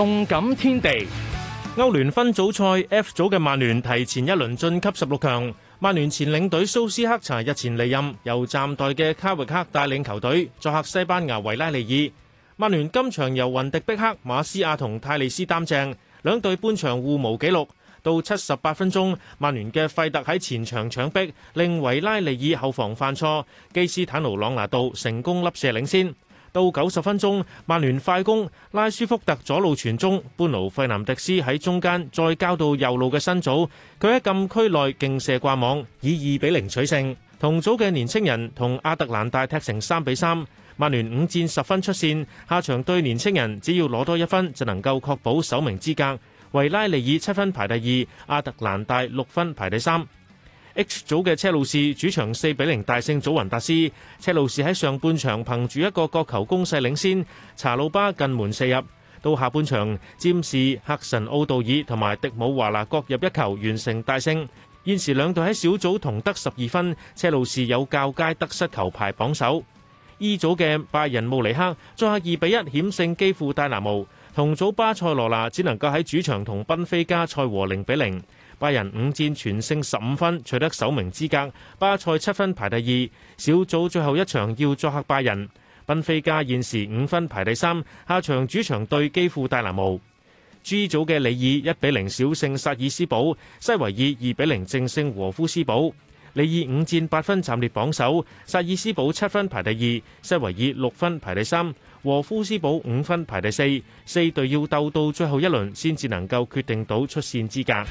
動感天地，歐聯分組賽 F 組嘅曼聯提前一輪晉級十六強。曼聯前領隊蘇斯克查日前離任，由暫代嘅卡域克帶領球隊作客西班牙維拉利爾。曼聯今場由雲迪碧克、馬斯亞同泰利斯擔正，兩隊半場互無紀錄。到七十八分鐘，曼聯嘅費特喺前場搶逼，令維拉利爾後防犯錯，基斯坦奴朗拿度成功粒射領先。到九十分鐘，曼聯快攻，拉舒福特左路傳中，般奴費南迪斯喺中間再交到右路嘅辛祖，佢喺禁區內勁射掛網，以二比零取勝。同組嘅年青人同阿特蘭大踢成三比三，曼聯五戰十分出線，下場對年青人只要攞多一分就能夠確保首名資格。維拉利爾七分排第二，阿特蘭大六分排第三。H 組嘅車路士主場四比零大勝祖雲達斯，車路士喺上半場憑住一個角球攻勢領先，查魯巴近門射入，到下半場，詹士、克神奧道爾同埋迪姆華拿各入一球，完成大勝。現時兩隊喺小組同得十二分，車路士有較佳得失球排榜首。E 組嘅拜仁慕尼黑再下二比一險勝基輔戴拿模，同組巴塞羅那只能夠喺主場同賓菲加賽和零比零。拜仁五戰全勝十五分，取得首名資格。巴塞七分排第二，小組最後一場要作客拜仁。賓菲加現時五分排第三，下場主場對基輔戴拿模。G 組嘅里爾一比零小勝薩爾斯堡，西維爾二比零淨勝和夫斯堡。里爾五戰八分暫列榜首，薩爾斯堡七分排第二，西維爾六分排第三，和夫斯堡五分排第四。四隊要鬥到最後一輪，先至能夠決定到出線資格。